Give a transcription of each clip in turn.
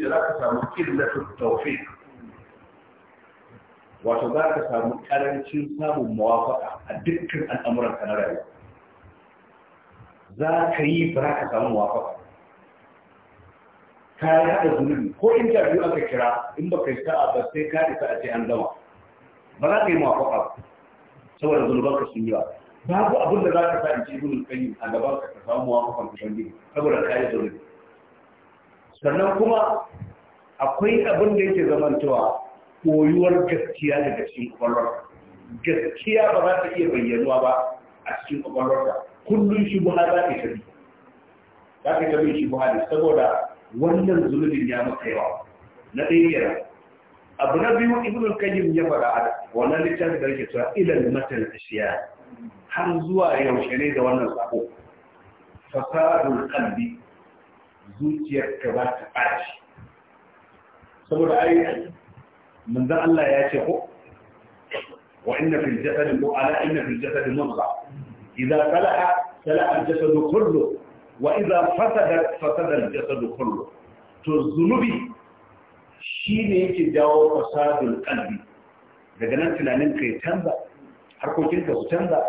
اشتراك سامو كلمة التوفيق وتبارك سامو كارنشين سامو موافقة الدكر أن أمرك أنا رأي ذا كيف براك سامو موافقة كاي هذا ظلم كو انت أبيو أنك كرا إن بكيسا أبستي كاي فأتي أن دوا بلا كي موافقة سوى ظلمك سنجوا بابو أبو الدراك فأنت ابن القيم أن بابك سامو موافقة بشانجين أبو لكاي ظلم sannan kuma akwai abin da yake zamantowa koyuwar gaskiya daga cikin kwallon gaskiya ba za ta iya bayyanuwa ba a cikin kwakwalwarka kullum shi buha za ka tabi za ka tabi shi buha ne saboda wannan zunubin ya maka yawa na ɗaya yana abu na biyu ibn kayyim ya faɗa a wannan littafin da yake cewa ilal matal ashiya har zuwa yaushe ne da wannan sako fasadul qalbi zuciyar ka ba ta ɓaci saboda ai manzon Allah ya ce ko wa inna fil jasad ko ala inna fil jasad mudghah idza salaha salaha al-jasad kullu wa idza fasada fasada al-jasad kullu to zunubi shine yake dawo fasadul qalbi daga nan tunanin kai ya canza harkokinka su canza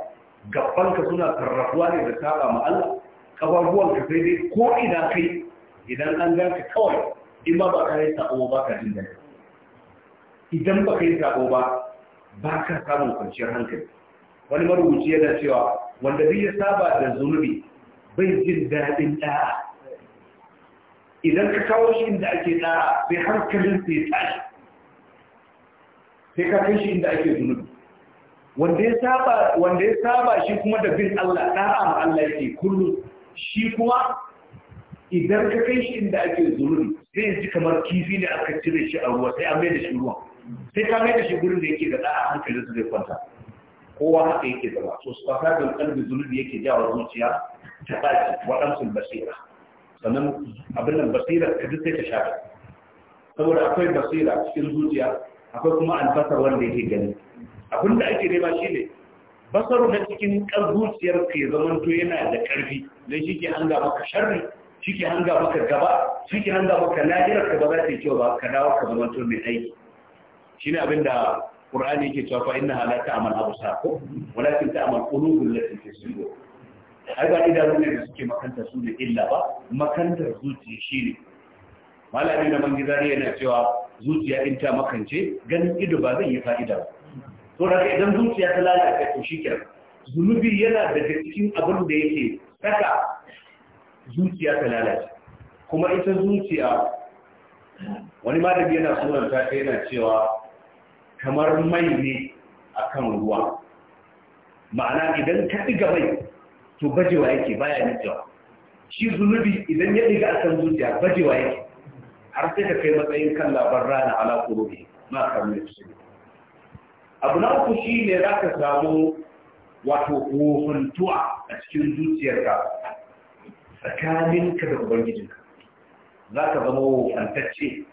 gabanka suna sarrafuwa ne da saba ma Allah kababuwanka sai dai ko ina kai idan an ganka kawai in ba ka yi sabo ba ka jin daɗi idan ba ka yi sabo ba ba ka samun kwanciyar hankali wani marubuci yana cewa wanda zai ya saba da zunubi bai jin daɗin ɗaya idan ka kawo shi inda ake ɗaya sai hankalin sai tashi sai ka kai shi inda ake zunubi wanda ya saba wanda ya saba shi kuma da bin Allah ɗaya Allah yake kullum shi kuma idan ka kai shi inda ake zururi sai ya ji kamar kifi ne aka cire shi a ruwa sai an mai da shi ruwa. sai ka mai da shi gurin da yake da ɗa'a hankalin su zai kwanta kowa haka yake zama so su fata da kalbi zunubi yake jawa zuciya ta ɗaki waɗansu basira sannan abin nan basira ka duk sai ta shafi saboda akwai basira cikin zuciya akwai kuma albasar wanda yake gani abin da ake nema shi ne basaru na cikin zuciyar ka ya zamanto yana da ƙarfi don shi ke an gaba ka sharri shi hanga maka gaba shi hanga maka lahirar ka ba za ta yi kyau ba ka dawo ka zama to mai aiki shi ne abin da ƙur'ani yake cewa fa inna hala ta amal abu sako walakin ta amal ƙulubun lafi ke sugo ai ba idanu ne da suke makanta su da illa ba makantar zuciya shi ne malami na mangizari yana cewa zuciya in ta makance ganin ido ba zai yi fa'ida ba to da idan zuciya ta lalata to shi kenan zunubi yana daga cikin abin da yake saka zuciya ta lalace kuma ita zuciya wani malami yana sunanta ta yana cewa kamar mai ne akan ruwa ma'ana idan ka ɗiga mai to bajewa yake baya nitsewa shi zunubi idan ya ɗiga akan zuciya bajewa yake har sai ka kai matsayin kan labar rana ala kurobi ma kamar su abu na uku shi ne za ka samu wato wofintuwa a cikin zuciyarka tsakaninka da ubangijinka za ka zama wofantacce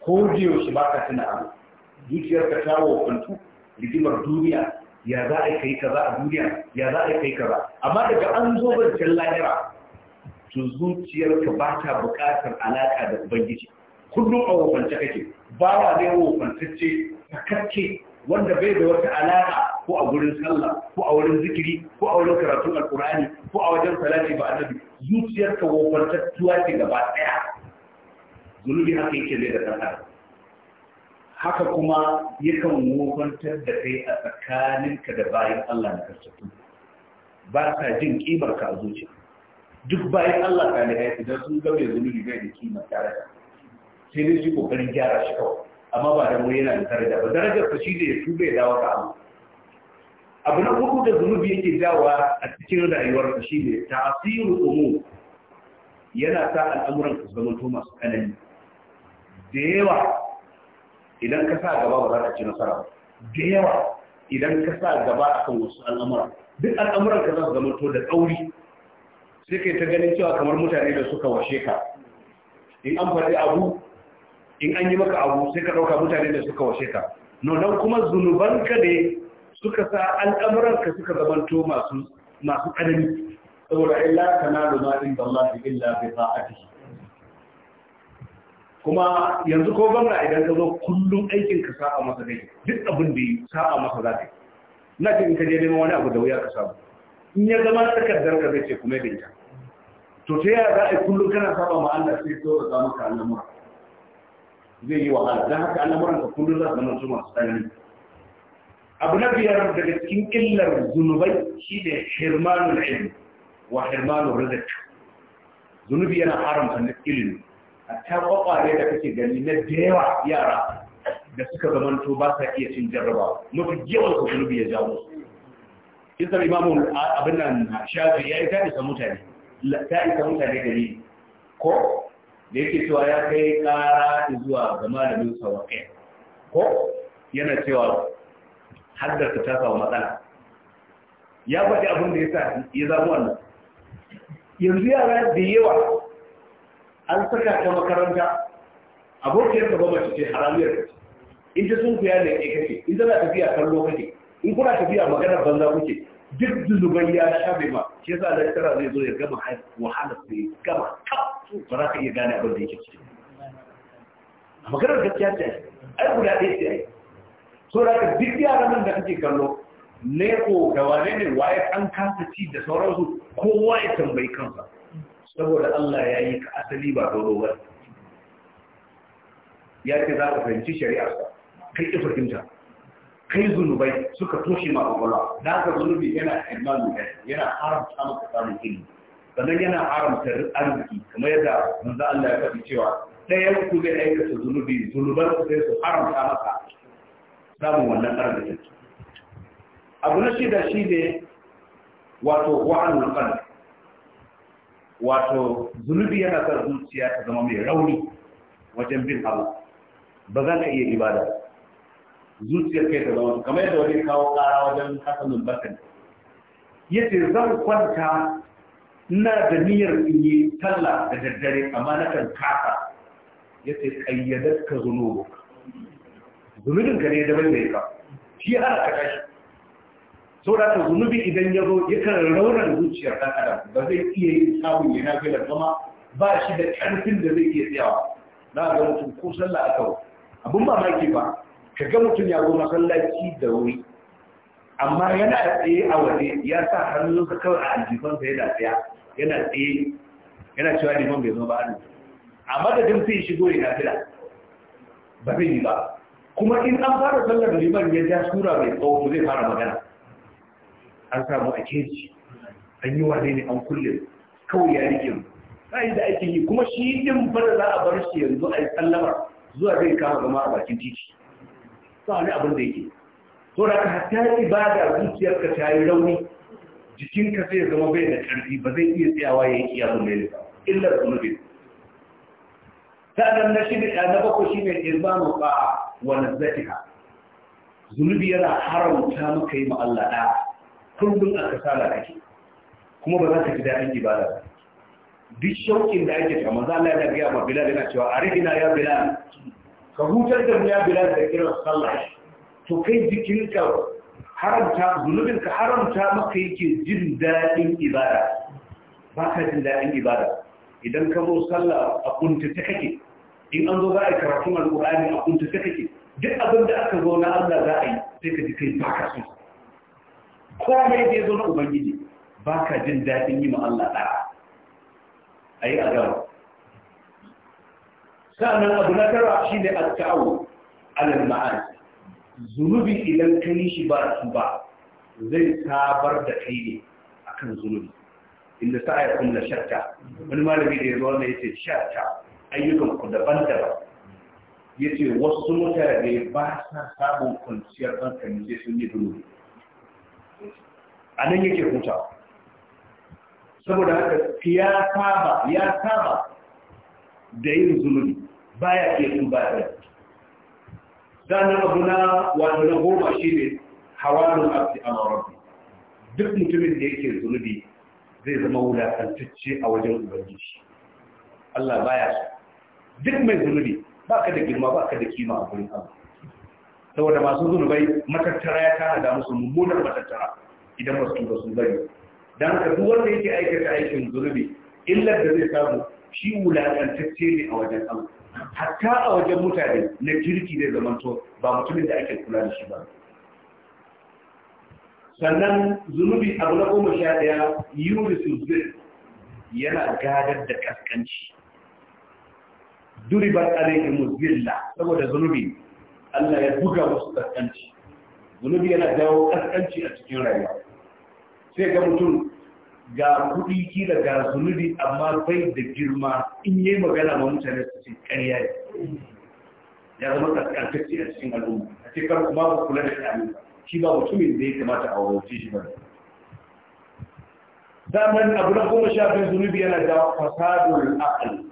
ko da yaushe ba ka tuna abu ka ta wofantu rigimar duniya ya za a kai kaza a duniya ya za a kai kaza amma daga an zo zancen lahira to zuciyar ka ba ta buƙatar alaƙa da ubangiji kullum a wofance kake bawa ne wofantacce sakacce wanda bai da wata alaƙa ko a gurin sallah ko a wurin zikiri ko a wurin karatun alkurani ko a wajen salati ba annabi zuciyarka tuwa ce gaba daya zunubi haka yake zai da ɗan haka kuma yakan wofantar da kai a tsakaninka da bayan Allah na karsatu ba ka jin ƙibar ka a zuciya duk bayan Allah ka lihai don sun gabe zunubi bai da kimar tare da sai dai shi kokarin gyara shi kawai amma ba da mu yana da daraja ba darajar ka shi da ya tube dawo ka amma abu na hudu da zunubi yake jawa a cikin rayuwar shi ne ta'asiru umu yana sa al'amuran ka zama to masu kanani da yawa idan ka sa gaba ba za ka ci nasara ba da yawa idan ka sa gaba akan wasu al'amura duk al'amuran ka za su zama to da tsauri sai kai ta ganin cewa kamar mutane da suka washe ka in an faɗi abu in an yi maka abu sai ka ɗauka mutane da suka washe ka nonon don kuma zunubanka ne suka sa al'amuranka suka zamanto masu masu ƙarami saboda illa na da ma'in da Allah da illa bai sa'ati kuma yanzu ko gwamna idan ka zo kullum aikin ka sa'a masa zai, duk abin da yi sa'a masa za yi na ce in ka je neman wani abu da wuya ka samu in ya zama takardar ka zai ce kuma da ita to ta yaya za a yi kullum kana saba ma sai to da maka al'amura zai yi wahala don haka al'amuran ka kullum za su zama su masu tsanani abu na biyar daga cikin illar zunubai shi ne hirmanul ilmi wa hirmanul rizik zunubi yana haramta ilimi a ta kwakware da kake gani na da yara da suka zamanto ba sa iya cin jarraba mafi yawan ka zunubi ya jawo kin san imamu abin shafi ya yi ta'isa mutane ta'isa mutane gari ko da yake cewa ya kai kara zuwa ga malamin sawaƙe ko yana cewa haddar ta samu matsala ya faɗi abin da ya sa ya zama wannan yanzu yara da yawa an saka ta makaranta abokiyar ta ba mace ce haramiyar ka in ta sun fiya ne ke kake in tana tafiya kallo kake in kuna tafiya maganar banza kuke duk zunuban ya shafe ma shi yasa tara zai zo ya gama wahala su yi gama kaf ba za ka iya gane abin da yake ciki a maganar gaskiya ce ai guda ɗaya ce ai saurata duk yaran nan da kake kallo leko da wane ne waye an kasa ci da sauransu kowa ya tambayi kansa saboda Allah ya yi ka asali ba doro ba ya ce za ka fahimci shari'arsa kai ki fahimta kai zunubai suka toshe ma kwakwalwa da haka zunubi yana ilmanu yana haramta maka samun ilimi sannan yana haramta arziki kamar yadda manzo Allah ya faɗi cewa ya ku zai aikata zunubi zunuban sai su haramta maka samun wannan arzikin abu na shida shi ne wato wa'anul qalb wato zunubi yana sa zuciya ta zama mai rauni wajen bin abu ba za ka iya ibada zuciya kai ta zama kamar yadda wani kawo kara wajen hasanul bakan ce zan kwanta ina da niyyar in yi talla da daddare amma na kan kasa yace kayyadar ka zunubu zunubin ka ne ya zama mai ka shi ya hana ka tashi saboda ta zunubi idan ya zo yakan raunar zuciyar ɗan adam ba zai iya yin samun yana fi da zama ba shi da ƙarfin da zai iya tsayawa na ga mutum ko sallah a kawo abin mamaki ba ka ga mutum ya zo masallaci da wuri amma yana tsaye a waje ya sa hannunsa kawai a aljifansa yana tsaya yana tsaye yana cewa liman bai zo ba a nan a madadin sai shigo ya fila ba zai yi ba kuma in an fara sallar liman ya ja sura mai tsawo zai fara magana an samu a keji an yi wane ne an kulle kawai ya rike sai da aikin yi kuma shi din fara za a bar shi yanzu a yi sallama zuwa zai kama zama a bakin titi ba wani abin da yake to da ka hatta ibada zuciyarka ta yi rauni jikinka zai zama bai da karfi ba zai iya tsayawa ya yi kiyamun nisa illar zunubin sa'adar na ɗan na bakwai shine ilmanu ba. wa ha? zunubi yana haramta maka yi ma Allah da kullum a kasala kake kuma ba za ka fi daɗin ibada ba duk shauƙin da ake ta maza Allah ya gaya ma Bilal yana cewa a rihina ya Bilal ka hutar da ya Bilal da kiran sallah to kai jikinka haramta zunubin ka haramta maka yake jin daɗin ibada ba ka jin daɗin ibada idan ka zo sallah a kunta ta kake in an zo za a yi karatun al'urani a kunta ta kake duk abin da aka zo na allah za a yi sai ka ji kai ba ka sun komai da ya zo na ubangiji ba ka jin daɗin yi allah ɗaya a yi a gaba sa'annan abu na tara shi ne a ta'awo alal ma'ani zunubi idan ka yi shi ba su ba zai sabar da kai ne a kan zunubi inda sa ya kunna shatta wani malami da ya zo wanda ya ce shatta ayyukan ku daban-daban ya ce wasu mutane ba sa samun kwanciyar hankali sai sun yi dunubi a nan yake huta, saboda haka ya saba ya saba da yin zunubi baya iya tun baya zanen abu na wani na goma shi ne hawarin abdi a marabi duk mutumin da yake zunubi zai zama wulatantacce a wajen ubangiji Allah baya su duk mai zunubi ba ka da girma ba ka da kima a gurin Allah saboda masu zunubai matattara ya tana da musu mummunar matattara idan masu tuba sun bari don ka duk wanda yake aikata aikin zunubi illar da zai samu shi wulaƙantacce ne a wajen Allah hatta a wajen mutane na kirki zai zamanto ba mutumin da ake kula da shi ba sannan zunubi abu na goma sha ɗaya yurisu yana gadar da kaskanci duribar alaihi muzilla saboda zunubi Allah ya buga musu kaskanci zunubi yana jawo kaskanci a cikin rayuwa sai ga mutum ga kuɗi kila ga zunubi amma bai da girma in yi magana ma mutane su ce ƙarya ya zama kaskanci a cikin al'umma a ce kar kuma ba kula da shi shi ba mutumin da ya kamata a wauce shi ba zaman abu na goma sha biyu zunubi yana jawo fasadul aqal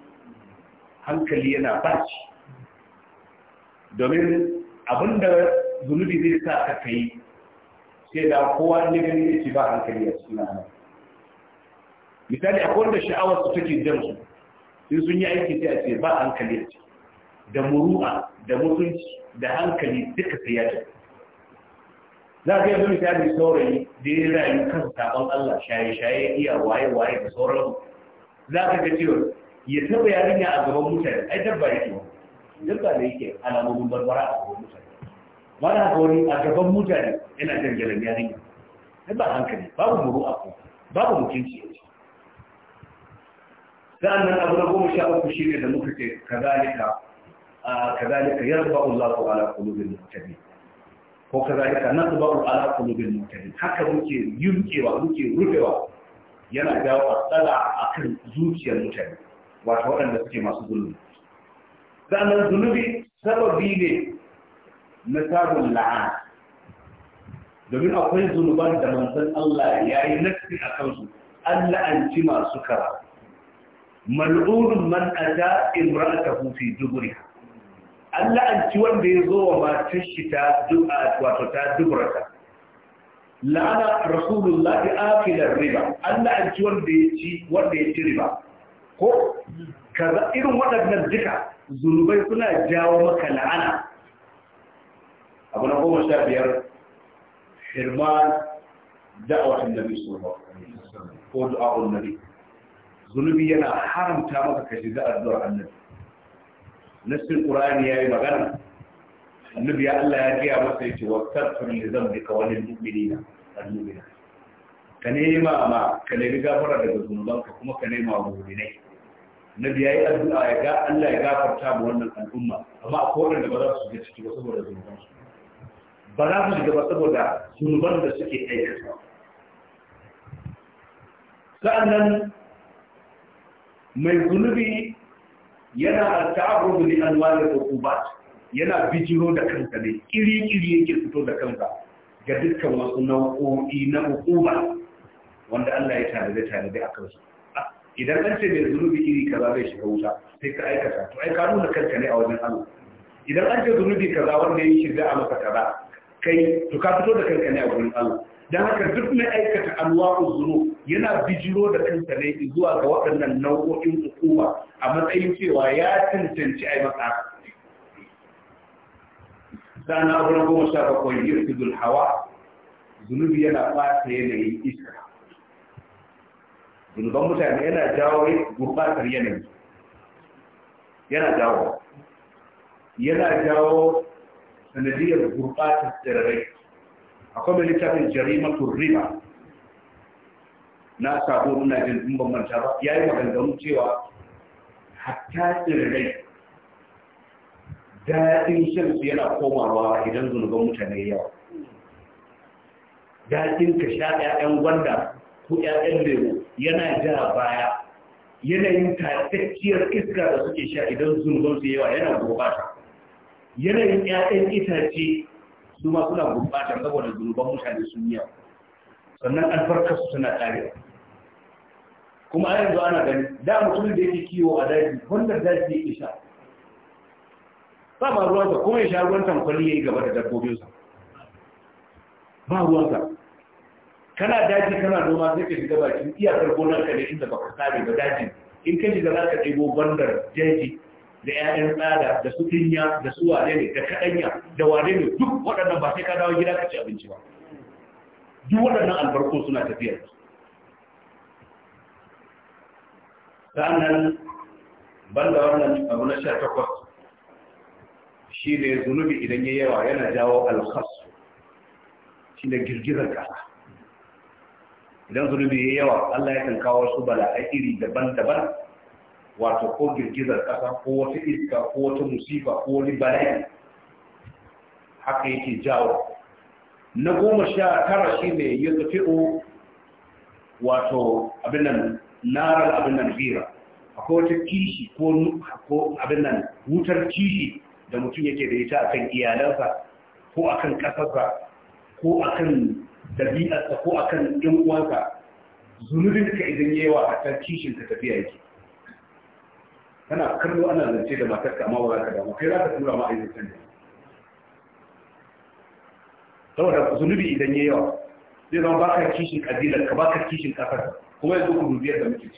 hankali yana baci domin abinda zunubi zai sa ka kai sai da kowa ne gani ya ci ba hankali a cikin ana misali akwai wanda sha'awar su take jan su in sun yi aiki sai a ce ba hankali a da muru'a da mutunci da hankali duka sai ya ce za ka yanzu misali saurayi da ya rayu kan sabon Allah shaye-shaye iya waye-waye da sauran za ka ga cewa ya taba yarinya a gaban mutane ai dabba yake dabba ne yake alamomin barbara a gaban mutane wani haka wani a gaban mutane yana dangalan yarinya ai ba hankali babu muru a ko, babu mutunci yanzu nan abu na goma sha uku shi ne da muka ce kazalika kazalika yarba Allah ko ala kulubin mutane ko kazalika nasbaru ala kulubin mutane haka muke yunkewa muke rufewa yana jawo a tsala akan zuciyar mutane wato waɗanda suke masu zunubi sannan zunubi sababi ne na sabon la'ana domin akwai zunuban da manzon Allah ya yi nafi a kansu an la'anci masu kara mal'urun man ata imra'atahu fi Duburi. an la'anci wanda ya zo wa matar shi ta wato ta duburata la'ana rasulullahi akilar riba an la'anci wanda ya ci wanda ya ci riba ko kaza irin waɗannan duka zunubai suna jawo maka la'ana abu na goma sha biyar hirman da'awatan nabi sallallahu alaihi wasallam ko du'a'un nabi zunubi yana haramta maka ka shiga addu'ar annabi nassin qur'ani yayi magana annabi ya Allah ya gaya masa yace wastaghfir li dhanbika wa lil mu'minina annabi muminat ka nema ma ka nemi gafara daga zunubanka kuma ka nema wa mu'minai nabi yi addu'a ya ga Allah ya gafarta mu wannan al'umma amma akwai wanda ba za su shiga ciki ba saboda zunuban su ba za su shiga ba saboda zunuban da suke aikata sa'annan mai zunubi yana ta'arrudu li anwar al-uqubat yana bijiro da kanta ne iri-iri yake fito da kanta ga dukkan wasu nau'o'i na hukuma wanda Allah ya tare da tare da akan su idan an ce mai zunubi iri kaza zai shiga wuta sai ka aikata to ai ka nuna kanka ne a wajen Allah idan an ce zunubi kaza wanda ya shirya a maka kaza kai to ka fito da kanka ne a wajen Allah dan haka duk mai aikata anwa'u zunub yana bijiro da kansa ne zuwa ga waɗannan nau'o'in hukuma a matsayin cewa ya tantance ai maka sana abu na goma sha bakwai yirkidul hawa zunubi yana fata yanayin iska zunuban mutane yana jawo gurbatar yanayi yana jawo yana jawo sanadiyar gurbatar tsirrai a mai littafin jarimatun riba na sabo ina jin in manta ba ya yi maganganu cewa hatta tsirrai daɗin shan su yana komawa idan zunuban mutane yawa daɗin ka sha 'ya'yan gwanda ko ‘ya'yan lemu yana ja baya yanayin tattacciyar iska da suke sha idan zunuban su yawa yana gurbata yanayin ‘ya'yan itace su ma suna gurbata saboda zunuban mutane sun yawa sannan albarkar su suna ƙarewa kuma a yanzu ana gani da mutum da yake kiwo a daji wanda daji yake sha ba ma ruwansa kuma ya sha ruwan tamfali ya yi gaba da dabbobinsa ba ruwansa kana daji kana noma sai ka shiga bakin iyakar gonar ka ne inda baka sare ba dajin in ka shiga zaka ɗebo gwandar jeji da 'ya'yan tsada da su dinya da su wane ne da kaɗanya da wane ne duk waɗannan ba sai ka dawo gida ka ci abinci ba duk waɗannan albarko suna tafiya sa'annan banda wannan abu na sha takwas shi ne zunubi idan ya yawa yana jawo alkhas shi ne girgizar ƙasa idan zunubi ya yawa Allah ya kan kawo su bala'a iri daban-daban wato ko girgizar ƙasa, ko wata iska ko wata musifa ko wani bala'i haka yake jawo na goma sha tara shi ne ya o wato abinan narar abinan hira akwai wata kishi ko abinan wutar kishi da mutum yake da ita akan iyalansa ko akan kasarsa ko akan ɗabi'arsa ko akan ɗan uwanka ka idan yawa a can ka tafiya yake tana kallo ana zance da matarka kama wa ka damu kai za ka tura ma aizin can saboda zunubi idan ya yawa zai zama ba ka kishin ƙabilar ka ba ka kishin ƙasar kuma yanzu ku dubiyar da muke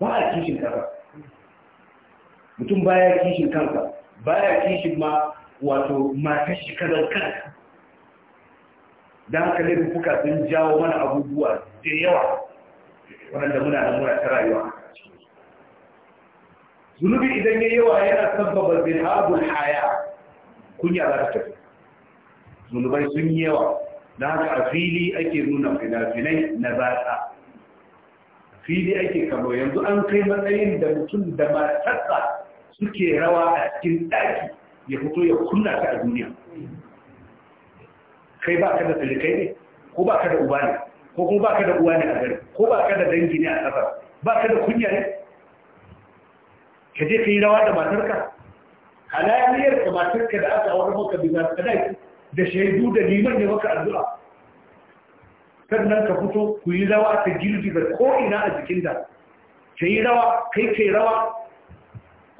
ba a kishin ƙasar mutum baya kishin kansa baya kishin ma wato matashi shi kadar kansa da haka kuka sun jawo mana abubuwa da yawa waɗanda muna da muna ta rayuwa zunubi idan ya yawa yana sabbaba zihabul haya kunya za ta tafi zunubai sun yawa da haka a fili ake nuna fina-finai na zaɗa fili ake kamo yanzu an kai matsayin da mutum da matarsa suke rawa a cikin ɗaki ya fito ya kunna ta a duniya kai ba ka da silikai ne ko ba ka da uba ne ko kuma ba ka da uwa ne a gari ko ba ka da dangi ne a ƙasa ba ka da kunya ne ka je ka yi rawa da matarka halayyar ka matarka da aka aure maka bisa sadaki da shaidu da liman ne maka addu'a sannan ka fito ku yi rawa ta ko ko'ina a jikinta ka yi rawa kai kai rawa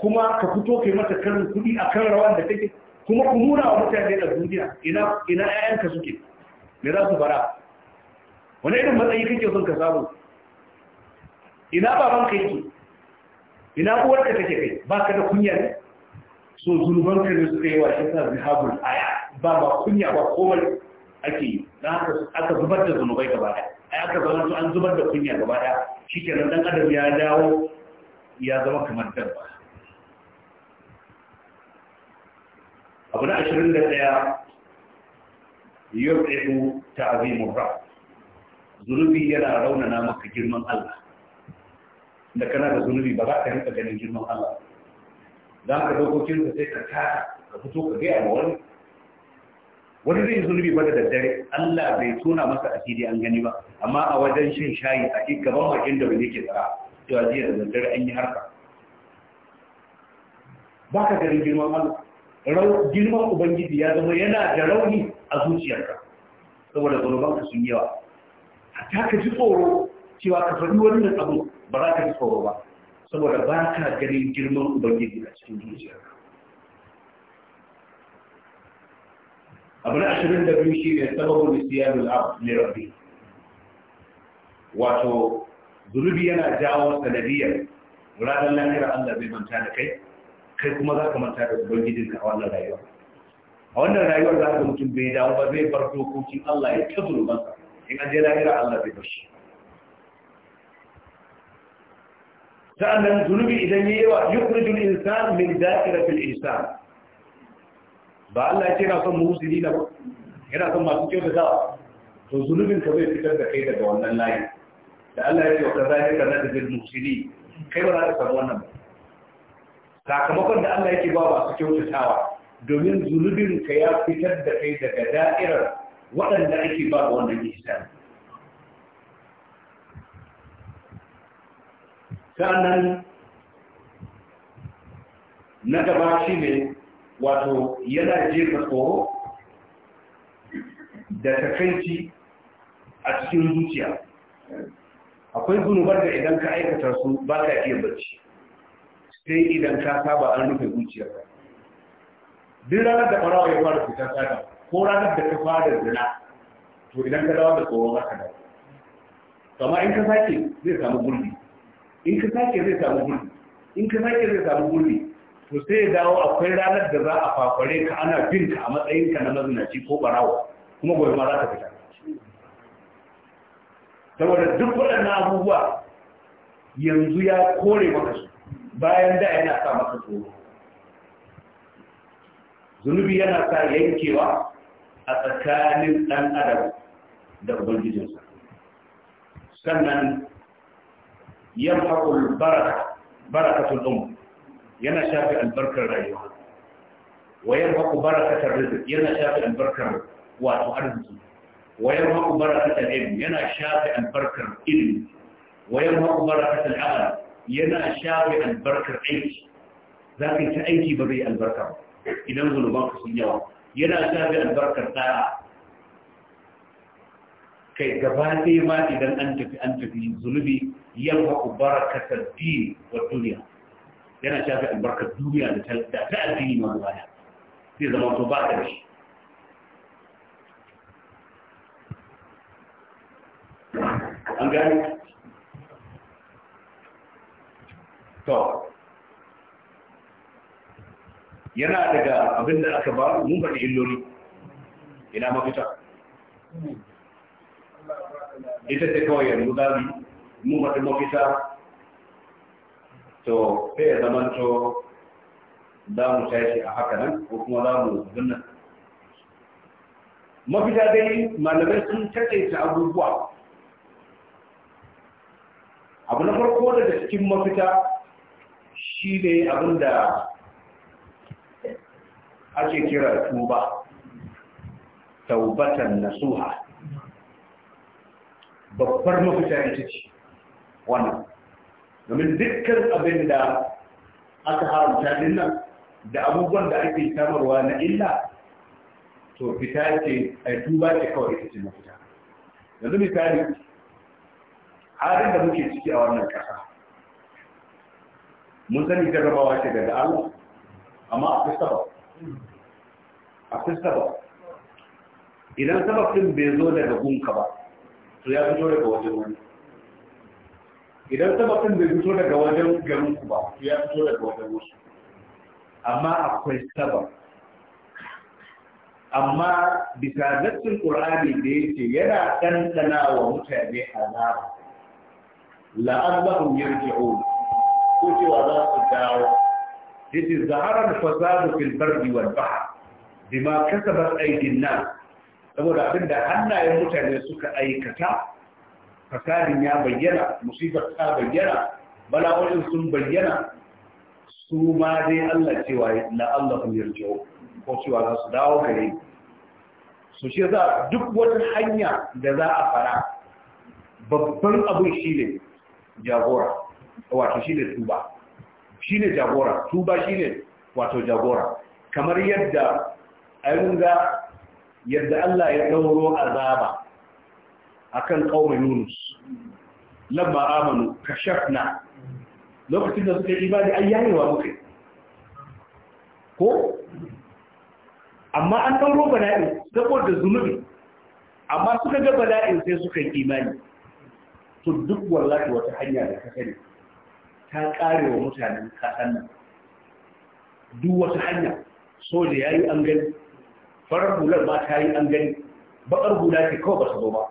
kuma ka fito kai mata karin kuɗi a kan rawan da take kuma ku nuna wa mutane da duniya ina ina suke me za su fara wani irin matsayi kake son ka samu ina baban ka yake ina ka take kai ba ka da kunya ne so zunuban ka ne suka kai wa shi sa zihabul aya ba ba kunya ba komai ake yi na aka zubar da zunubai gaba daya ai aka zama an zubar da kunya gaba daya nan dan adam ya dawo ya zama kamar dabba abu na ashirin da ɗaya yau yurɗiɗu ta azimun ra zunubi yana raunana maka girman Allah da kana da zunubi ba za ka rika ganin girman Allah za ka dokokin da sai ka tara ka fito ka gaya ma wani wani zai zunubi ba da daddare Allah bai tona masa asiri an gani ba amma a wajen shin shayi a gaban bakin da wani yake tsara cewa jiya da daddare an yi harka ba ka ganin girman Allah girman ubangiji ya zama yana da rauni a zuciyarka saboda zunubanka sun yawa ta ka ji tsoro cewa ka faɗi wannan abu ba za ka ji tsoro ba saboda ba ka ganin girman ubangiji a cikin zuciyarka abu na ashirin da biyu shi ne sababin siyarar abu ne rabbi wato zunubi yana jawo sanadiyar wuraren lahira allah bai manta da kai kai kuma za ka manta da ka a wannan rayuwar. a wannan rayuwar za ka mutum bai damu ba zai bar dokokin Allah ya ta zulumansa in an je lahira Allah zai bar shi sa'annan zunubi idan yi yawa yukhrijul insan min da'iratil ihsan ba Allah ya ce na son muhsini na ba yana son masu kyau da zawa to zunubin ka zai fitar da kai daga wannan layi da Allah ya ce wa kazalika nadjil muhsini kai ba za ka samu wannan ba sakamakon da Allah yake ba ba su kyautatawa domin zunubin ka ya fitar da kai daga da'irar waɗanda ake ba wannan islam sa'annan na gaba shi ne wato yana jefa tsoro da takaici a cikin zuciya akwai zunubar da idan ka aikata su ba ka iya bacci sai idan ka saba an rufe ka duk ranar da farawa ya fara fita tsada ko ranar da ka fara zina to idan ka dawo da tsoron haka da kama in ka sake zai samu gurbi in ka sake zai samu gurbi in ka sake zai samu gurbi to sai ya dawo akwai ranar da za a fakware ka ana bin ka a matsayinka na mazinaci ko barawa kuma gobe ma za ka fita saboda duk waɗannan abubuwa yanzu ya kore maka su bayan da yana sa masa tsoro zunubi yana sa yankewa a tsakanin ɗan adam da ubangijinsa sannan 'yan yamhaƙul barakatul um yana shafi albarkar rayuwa wa yamhaƙu barakatar rizik yana shafi albarkar wato arziki wa yamhaƙu barakatar ilmi yana shafi albarkar ilmi wa yamhaƙu barakatar amal yana shafe albarkar aiki za ka yi ta aiki ba zai albarka ba idan zunubanka sun yawa yana shafe albarkar ɗaya kai gaba ɗaya ma idan an tafi an tafi zunubi yamma ku barakatar din wa duniya yana shafe albarkar duniya da ta addini ma gaba zai zama to ba da shi an gani to yana daga abin da aka ba mun faɗi illoli ina mafita ita ce kawai yanzu zabi mun faɗi mafita to sai zaman to za mu tashi a haka nan ko kuma za mu zunna mafita dai malamai sun taƙaita abubuwa abu na farko daga cikin mafita shi ne abin da ake kira tuba taubatan nasuha babbar mafita ita ce wannan domin dukkan abin da aka haramta din nan da abubuwan da ake samarwa na illa to fita ce a tuba ce kawai ita ce mafita yanzu misali halin da muke ciki a wannan ƙasa mun sani jarrabawa ce daga Allah amma akwai sabab fi sabab idan sabab din bai zo daga gunka ba to ya fito daga wajen wani idan sabab din bai fito daga wajen garin ku ba to ya fito daga wajen wasu amma akwai sabab amma bisa dattin qur'ani da yake yana ɗanɗana wa mutane azaba la'allahum yarji'un ko wa za su dawo yace zaharar fasadu fil bardi wal bahr bima kasabat aydin nas saboda abinda hannayen mutane suka aikata fasadin ya bayyana musibar ta bayyana bala'o'in sun bayyana su ma dai Allah cewa la Allah kun yarji'u ko cewa za su dawo gare su shi za duk wata hanya da za a fara babban abin shi ne jagora wato shine tuba shine jagora tuba shine wato jagora kamar yadda an ga yadda Allah ya dauro azaba akan kaumin Yunus lamma amanu kashafna lokacin da suka yi ibadi ayyayewa muke ko amma an dauro bala'i saboda zunubi amma suka ga bala'in sai suka yi imani to duk wallahi wata hanya da ka sani ta kare wa mutanen kasan nan duk wata hanya soja ya yi an gani farar hular ma ta yi an gani bakar hula ke kawai ba su zo ba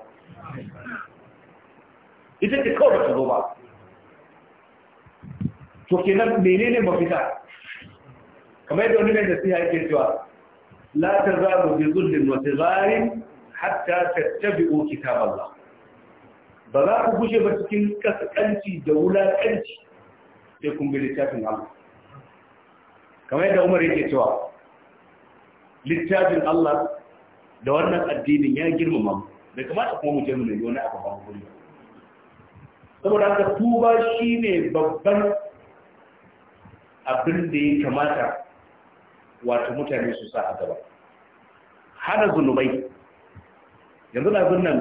ita ke kawai ba su zo ba to kenan menene mafita kamar yadda wani mai siya yake cewa la mu bi zullin wa zarin. hatta tattabi'u kitaballah ba za ku gushe ba cikin kaskanci da wulakanci sai kun bi littafin Allah kamar yadda Umar yake cewa littafin Allah da wannan addinin ya girmama bai kamata kuma mu je mu nemi wani abu ba mu saboda haka tuba shine babban abin da ya kamata wato mutane su sa a gaba hana zunubai yanzu na nan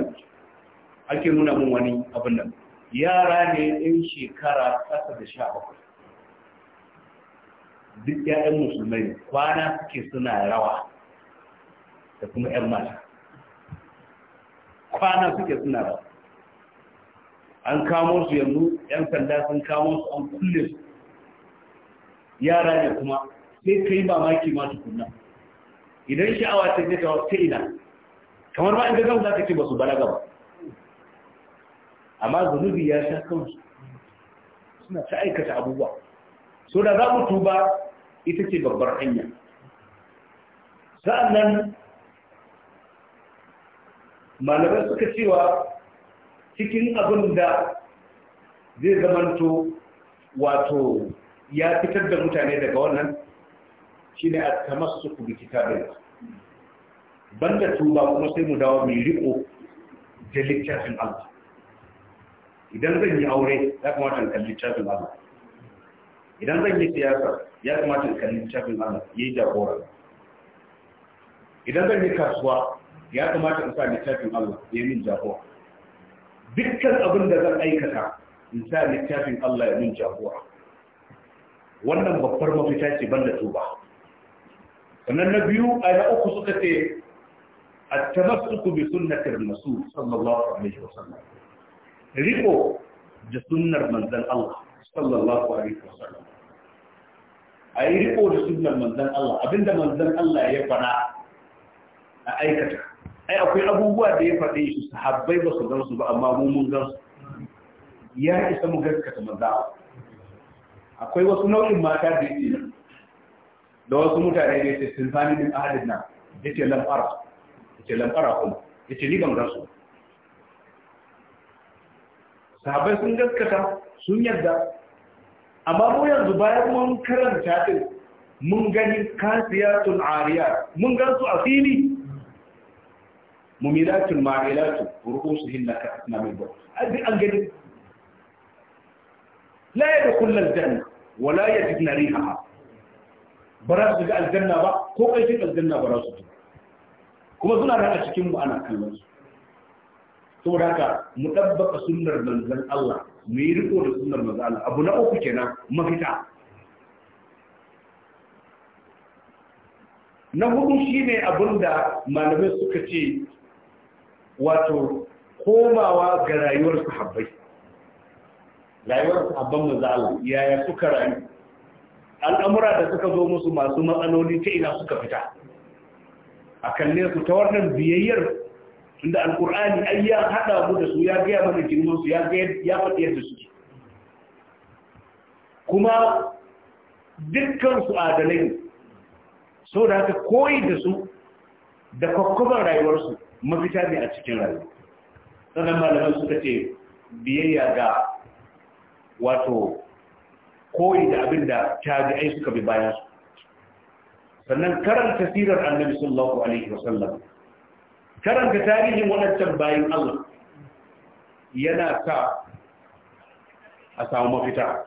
ake nuna mun wani abin nan yara ne ɗin shekara ƙasa da sha bakwai duk ‘ya'yan musulmai kwana suke suna rawa da kuma ‘yan mata kwana suke suna rawa an kamo su yanzu ‘yan sanda sun kamo su an kulle su yara ne kuma sai ka yi mamaki masu kunna idan sha'awa ta ce ta ina kamar ba in ga zan za ka ce ba su balaga ba amma zunubi ya sha kansu suna ta aikata abubuwa so da za mu tuba ita ce babbar hanya sa'annan malamai suka cewa cikin abin da zai zamanto wato ya fitar da mutane daga wannan shi ne a tamassu bai kitabin banda tuba kuma sai mu dawo mai riko da littafin Allah idan zan yi aure ya kamata in kalli littafin Allah idan zan yi siyasa ya kamata in kalli littafin Allah yi jagora idan zan yi kasuwa ya kamata in sa littafin Allah ya yi jagora dukkan abin da zan aikata in sa littafin Allah ya min jagora wannan babbar mafita ce banda tuba sannan na biyu a na uku suka ce at-tamassuku bi sunnatir rasul sallallahu alaihi wasallam riko da sunnar manzan Allah sallallahu alaihi wasallam a yi riko da sunnar manzan Allah abinda manzan Allah ya fara a aikata ai akwai abubuwa da ya faɗe shi sahabbai ba su gansu ba amma mu mun gansu ya isa mu gaskata manzan Allah akwai wasu nau'in mata da yake da wasu mutane da yake sun sani min ahadin nan yake lamfara yake lamfara kuma yake ni ban gansu sahabai sun gaskata sun yarda amma mu yanzu bayan mun karanta din mun gani kasiyatun ariyar mun gan su a fili mumilatun ma'ilatun rukusu hinna ka na mai bau abin an gani la ya da kullum janna wala ya jik na riha ba za su ga aljanna ba ko ƙarshen aljanna ba za su kuma suna da a cikin mu ana kallon su saboda haka mu dabbaka sunnar manzon Allah mu yi riko da sunnar manzon Allah abu na uku kenan mafita na hudu shine abin da malamai suka ce wato komawa ga rayuwar sahabbai rayuwar sahabban manzon Allah yaya suka rayu al'amura da suka zo musu masu matsaloli ta ina suka fita a kalle su ta wannan biyayyar tunda alkur'ani ai ya hada mu da su ya gaya mana girman su ya ga ya faɗi yadda suke kuma dukkan su adalai so da haka koyi da su da kwakwabar rayuwarsu mafita ne a cikin rayuwa sannan malaman suka ce biyayya ga wato koyi da abin da tabi'ai suka bi bayan su sannan karanta sirar annabi sallallahu alaihi wasallam karanta tarihin waɗancan bayan Allah yana sa a samu mafita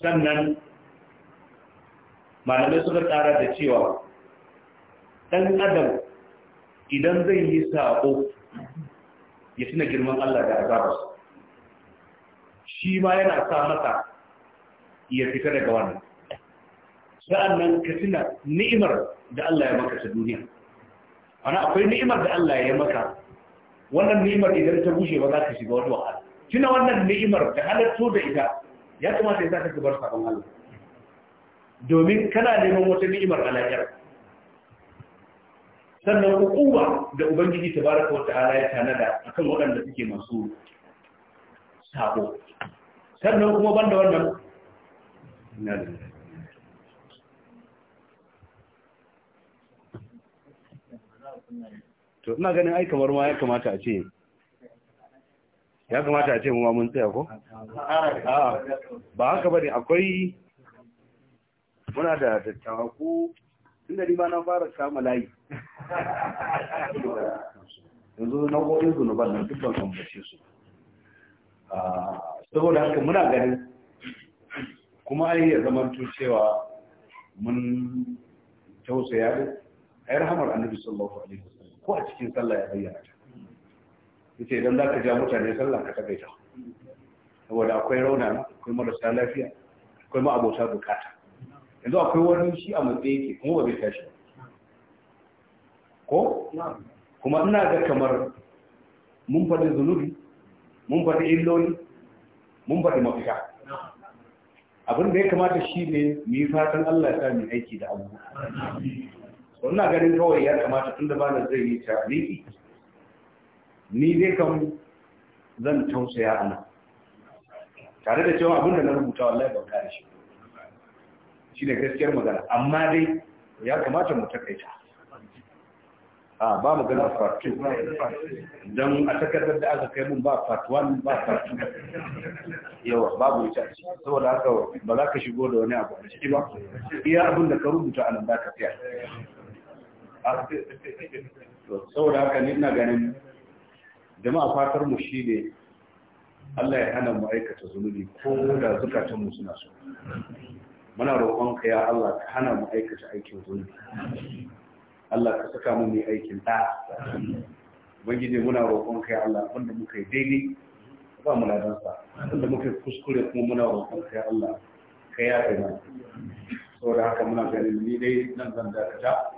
sannan malamai suka tsara da cewa ɗan adam idan zai yi saƙo ya tuna girman Allah da azabarsa shi ma yana sa masa ya fita daga wannan sa'annan ka tuna ni'imar da Allah ya maka duniya ana akwai ni'imar da Allah ya maka wannan ni'imar idan ta bushe ba za ka shiga wani wahala tuna wannan ni'imar da halatto da ita ya kamata ya sa ka bar sabon Allah domin kana neman wata ni'imar a lahiyar sannan hukuma da ubangiji tabaraka wa ta'ala ya tanada akan waɗanda suke masu sabo sannan kuma banda wannan na da to ina ganin ai kamar ma ya kamata a ce ya kamata a ce mu ma mun tsaya ko ba haka bane akwai muna da dattawa ko tunda ni ma na fara kama layi yanzu na goyin zunuban nan dukkan kan bace su saboda haka muna ganin kuma ai ya zama cewa mun tausaya ai rahamar annabi sallallahu alaihi wasallam ko a cikin sallah ya bayyana ta yace idan ka ja mutane sallah ka takaita saboda akwai rauna akwai marasa lafiya akwai ma'abota bukata yanzu akwai wani shi a matsayi yake kuma ba zai tashi ba ko kuma ina ga kamar mun faɗi zunubi mun faɗi illoli mun faɗi mafita abin da ya kamata shi ne mu yi fatan Allah ya sa mu aiki da abu Wannan ganin kawai ya kamata tun da na zai yi tariki ni dai kan zan tausaya ana tare da cewa abinda na rubuta wallahi ban kare shi shi ne gaskiyar magana amma dai ya kamata mu takaita a ba mu gana part 2 don a takardar da aka kai mun ba part 1 ba part 2 yawa babu ita saboda haka ba za ka shigo da wani abu a ciki ba iya abin da ka rubuta a nan da ka fiya saboda haka ni ina ganin jama'a fatar mu shine Allah ya hana mu aikata zunubi ko da zukatan mu suna so muna roƙon ka ya Allah ka hana mu aikata aikin zunubi Allah ka saka mu mai aikin da ubangiji muna roƙon ka ya Allah wanda muka yi daidai ba mu ladan sa wanda muka kuskure kuma muna roƙon ka ya Allah ka yafe mu saboda haka muna ganin ni dai nan zan dakata